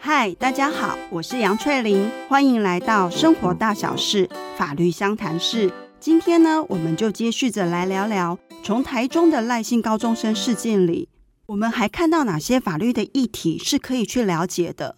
嗨，Hi, 大家好，我是楊翠玲，歡迎來到生活大小事法律相談室。今天呢，我們就接續着來聊聊，從台中的賴姓高中生事件裡，我們還看到哪些法律的議題是可以去了解的？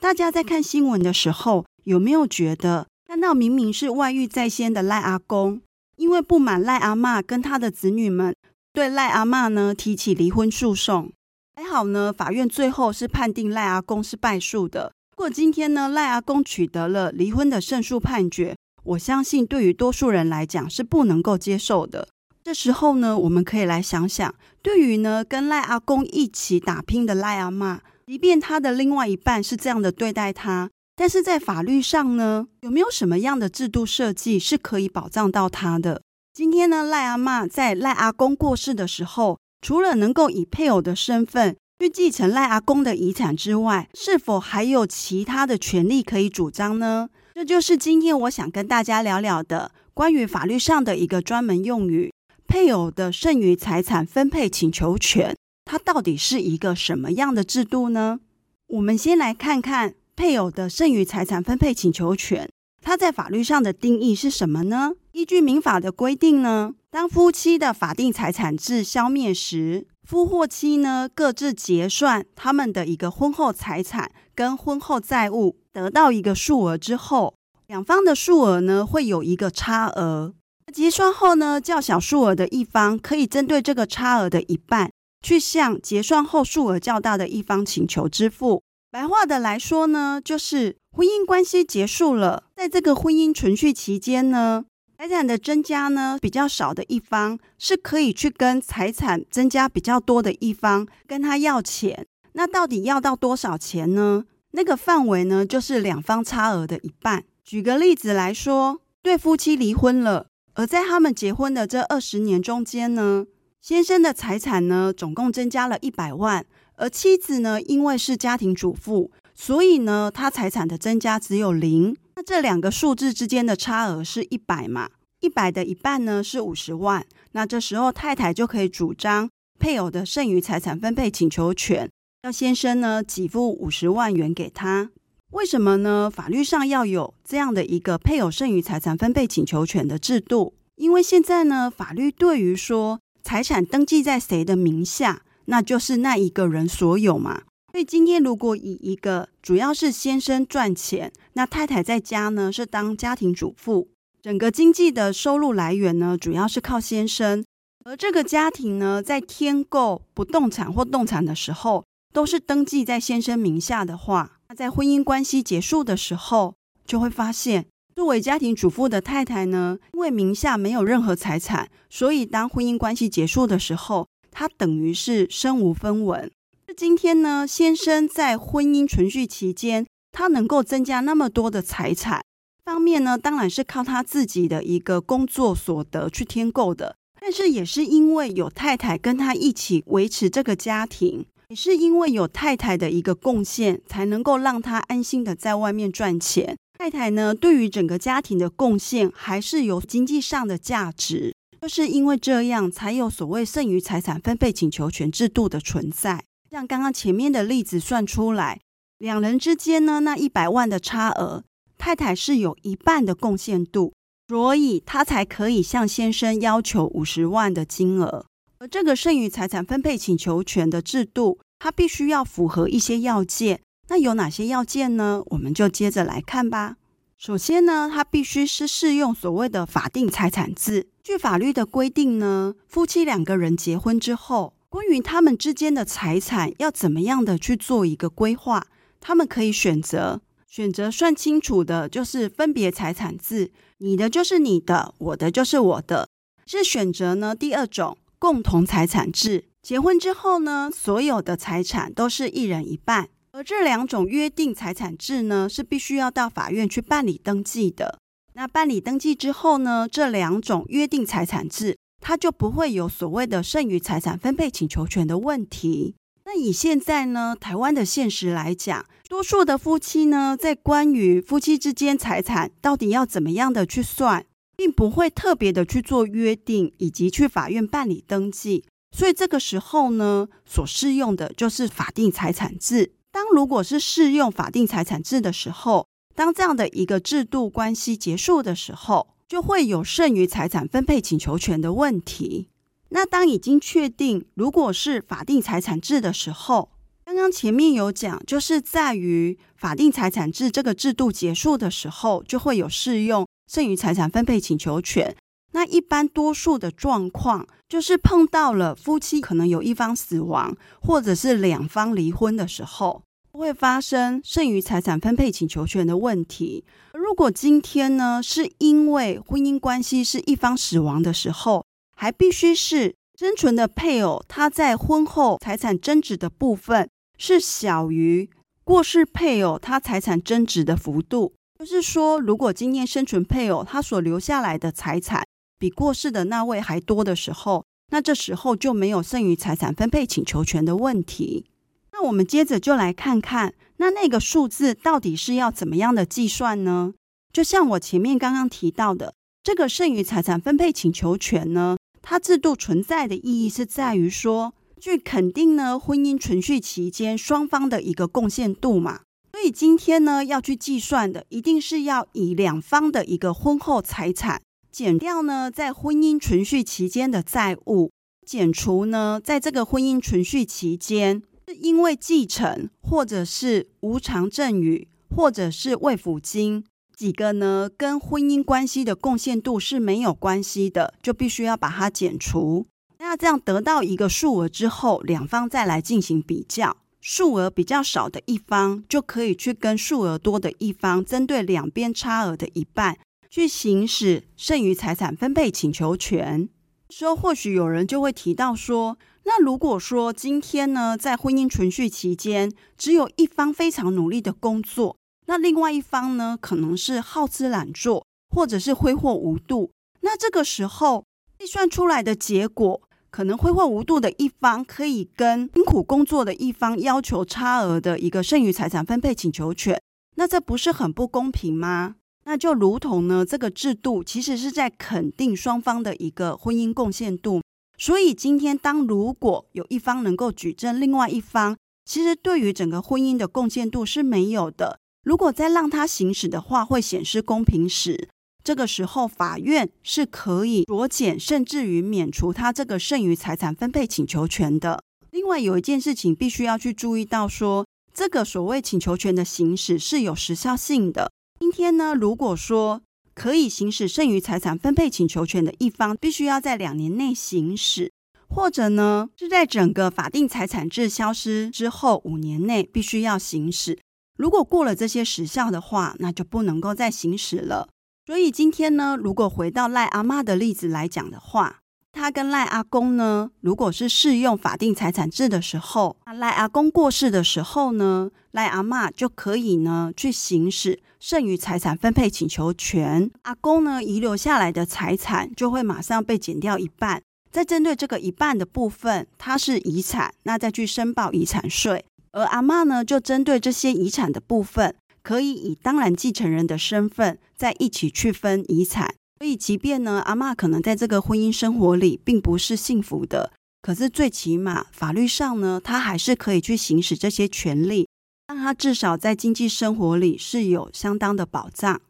大家在看新聞的時候，有沒有覺得看到明明是外遇在先的賴阿公？因為不滿賴阿嬤跟他的子女們對賴阿嬤呢提起離婚訴訟，還好呢，法院最後是判定賴阿公是敗訴的。不過今天呢賴阿公取得了離婚的勝訴判決，我相信對於多數人來講是不能夠接受的。這時候呢，我們可以來想想，對於呢跟賴阿公一起打拼的賴阿嬤，即便他的另外一半是這樣的對待他。但是在法律上呢，有沒有什麼樣的制度設計是可以保障到他的？今天呢，賴阿嬤在賴阿公過世的時候，除了能夠以配偶的身份去繼承賴阿公的遺產之外，是否還有其他的權利可以主張呢？這就是今天我想跟大家聊聊的關於法律上的一個專門用語——配偶的剩餘財產分配請求權，它到底是一個什麼樣的制度呢？我們先來看看。配偶的剩餘財產分配請求權，它在法律上的定義是什麼呢？依據民法的規定呢，當夫妻的法定財產制消滅時，夫或妻呢各自結算他們的一個婚後財產跟婚後債務，得到一個數額之後，兩方的數額呢會有一個差額。結算後呢，較小數額的一方可以針對這個差額的一半，去向結算後數額較大的一方請求支付。白話的來說呢，就是婚姻關係結束了，在這個婚姻存續期間呢，財產的增加呢比較少的一方是可以去跟財產增加比較多的一方跟他要錢，那到底要到多少錢呢？那個範圍呢就是兩方差額的一半。舉個例子來說，對夫妻離婚了，而在他們結婚的這二十年中間呢，先生的財產呢總共增加了一百萬。而妻子呢，因為是家庭主婦，所以呢，她財產的增加只有零。那這兩個數字之間的差額是一百嘛，一百的一半呢，是五十萬。那這時候太太就可以主張配偶的剩餘財產分配請求權，要先生呢給付五十萬元給她。為什麼呢？法律上要有這樣的一個配偶剩餘財產分配請求權的制度，因為現在呢，法律對於說財產登記在誰的名下。那就是那一個人所有嘛。所以今天如果以一個主要是先生賺錢，那太太在家呢是當家庭主婦，整個經濟的收入來源呢主要是靠先生。而這個家庭呢在添購不動產或動產的時候，都是登記在先生名下的話，那在婚姻關係結束的時候，就會發現作為家庭主婦的太太呢，因為名下沒有任何財產，所以當婚姻關係結束的時候。他等於是身無分文。今天呢，先生在婚姻存續期間，他能夠增加那麼多的財產，方面呢，當然是靠他自己的一個工作所得去添購的。但是也是因為有太太跟他一起維持這個家庭，也是因為有太太的一個貢獻，才能夠讓他安心的在外面賺錢。太太呢，對於整個家庭的貢獻，還是有經濟上的價值。就是因為這樣，才有所謂剩餘財產分配請求權制度的存在。像剛剛前面的例子算出來，兩人之間呢，那一百萬的差額，太太是有一半的貢獻度，所以她才可以向先生要求五十萬的金額。而這個剩餘財產分配請求權的制度，它必須要符合一些要件。那有哪些要件呢？我們就接着來看吧。首先呢，它必須是適用所謂的法定財產制。據法律的規定呢，夫妻兩個人結婚之後，關於他們之間的財產要怎麼樣的去做一個規劃，他們可以選擇選擇算清楚的，就是分別財產制，你的就是你的，我的就是我的，是選擇呢第二種共同財產制。結婚之後呢，所有的財產都是一人一半。而這兩種約定財產制呢，是必須要到法院去辦理登記的。那辦理登記之後呢，這兩種約定財產制，它就不會有所謂的剩餘財產分配請求權的問題。那以現在呢，台灣的現實來講，多數的夫妻呢，在關於夫妻之間財產到底要怎麼樣的去算，並不會特別的去做約定，以及去法院辦理登記。所以這個時候呢，所適用的就是法定財產制。當如果是適用法定財產制的時候，當這樣的一個制度關係結束的時候，就會有剩餘財產分配請求權的問題。那當已經確定如果是法定財產制的時候，剛剛前面有講，就是在於法定財產制這個制度結束的時候，就會有適用剩餘財產分配請求權。那一般多數的狀況，就是碰到了夫妻可能有一方死亡，或者是兩方離婚的時候，會發生剩餘財產分配請求權的問題。如果今天呢，是因為婚姻關係是一方死亡的時候，還必須是生存的配偶他在婚後財產增值的部分是小於過世配偶他財產增值的幅度，就是說，如果今天生存配偶他所留下來的財產，比過世的那位還多的時候，那這時候就沒有剩餘財產分配請求權的問題。那我們接着就來看看，那那個數字到底是要怎麼樣的計算呢？就像我前面剛剛提到的，這個剩餘財產分配請求權呢，它制度存在的意義是在於說，去肯定呢婚姻存續期間雙方的一個貢獻度嘛。所以今天呢，要去計算的一定是要以兩方的一個婚後財產。減掉呢，在婚姻存續期間的債務；減除呢，在這個婚姻存續期間，是因為繼承或者是無償贈與或者是慰撫金幾個呢，跟婚姻關係的貢獻度是沒有關係的，就必須要把它減除。那這樣得到一個數額之後，兩方再來進行比較，數額比較少的一方就可以去跟數額多的一方，針對兩邊差額的一半去行使剩餘財產分配請求權。說或許有人就會提到說：“那如果說今天呢，在婚姻存續期間，只有一方非常努力的工作，那另外一方呢，可能是好吃懶做，或者是揮霍無度。那這個時候計算出來的結果，可能揮霍無度的一方可以跟辛苦工作的一方要求差額的一個剩餘財產分配請求權，那這不是很不公平嗎？”那就如同呢，這個制度其實是在肯定雙方的一個婚姻貢獻度。所以今天，當如果有一方能夠舉證，另外一方其實對於整個婚姻的貢獻度是沒有的。如果再讓他行使的話，會顯失公平時，這個時候法院是可以酌減，甚至於免除他這個剩餘財產分配請求權的。另外有一件事情必須要去注意到說，說這個所謂請求權的行使是有時效性的。今天呢，如果說可以行使剩餘財產分配請求權的一方，必須要在兩年內行使，或者呢是在整個法定財產制消失之後五年內必須要行使。如果過了這些時效的話，那就不能夠再行使了。所以今天呢，如果回到賴阿嬤的例子來講的話，他跟賴阿公呢，如果是適用法定財產制的時候，阿賴阿公過世的時候呢，賴阿嬤就可以呢去行使剩餘財產分配請求權。阿公呢遺留下來的財產就會馬上被減掉一半。再針對這個一半的部分，它是遺產，那再去申報遺產稅。而阿嬤呢，就針對這些遺產的部分，可以以當然繼承人的身份再一起去分遺產。所以，即便呢，阿嬤可能在這個婚姻生活裡並不是幸福的，可是最起碼法律上呢，她還是可以去行使這些權利，讓她至少在經濟生活裡是有相當的保障。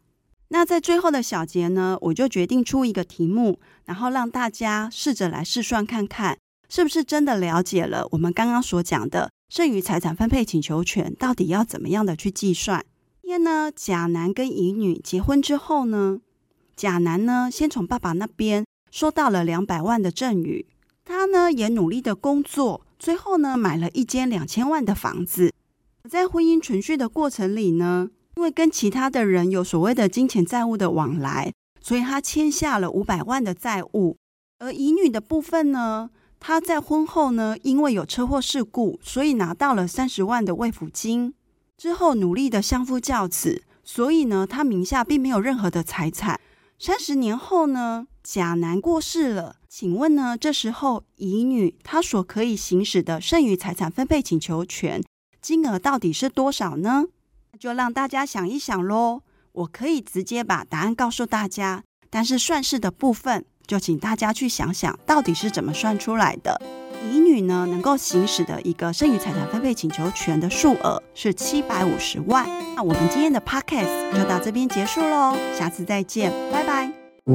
那在最後的小節呢，我就決定出一個題目，然後讓大家試着來試算看看，是不是真的了解了我們剛剛所講的剩餘財產分配請求權到底要怎麼樣的去計算。因為呢，甲男跟乙女結婚之後呢。甲男呢，先從爸爸那邊收到了兩百萬的贈與，他呢也努力的工作，最後呢買了一間兩千萬的房子。在婚姻存續的過程裡呢，因為跟其他的人有所謂的金錢債務的往來，所以他欠下了五百萬的債務。而乙女的部分呢，她在婚後呢，因為有車禍事故，所以拿到了三十萬的慰撫金，之後努力的相夫教子，所以呢，她名下並沒有任何的財產。三十年後呢，甲男過世了。請問呢，這時候乙女她所可以行使的剩餘財產分配請求權，金額到底是多少呢？就讓大家想一想咯。我可以直接把答案告訴大家，但是算式的部分就請大家去想想到底是怎麼算出來的。乙女呢，能夠行使的一個剩餘財產分配請求權的數額是七百五十萬。那我們今天的 podcast 就到這邊結束了，下次再見，拜拜。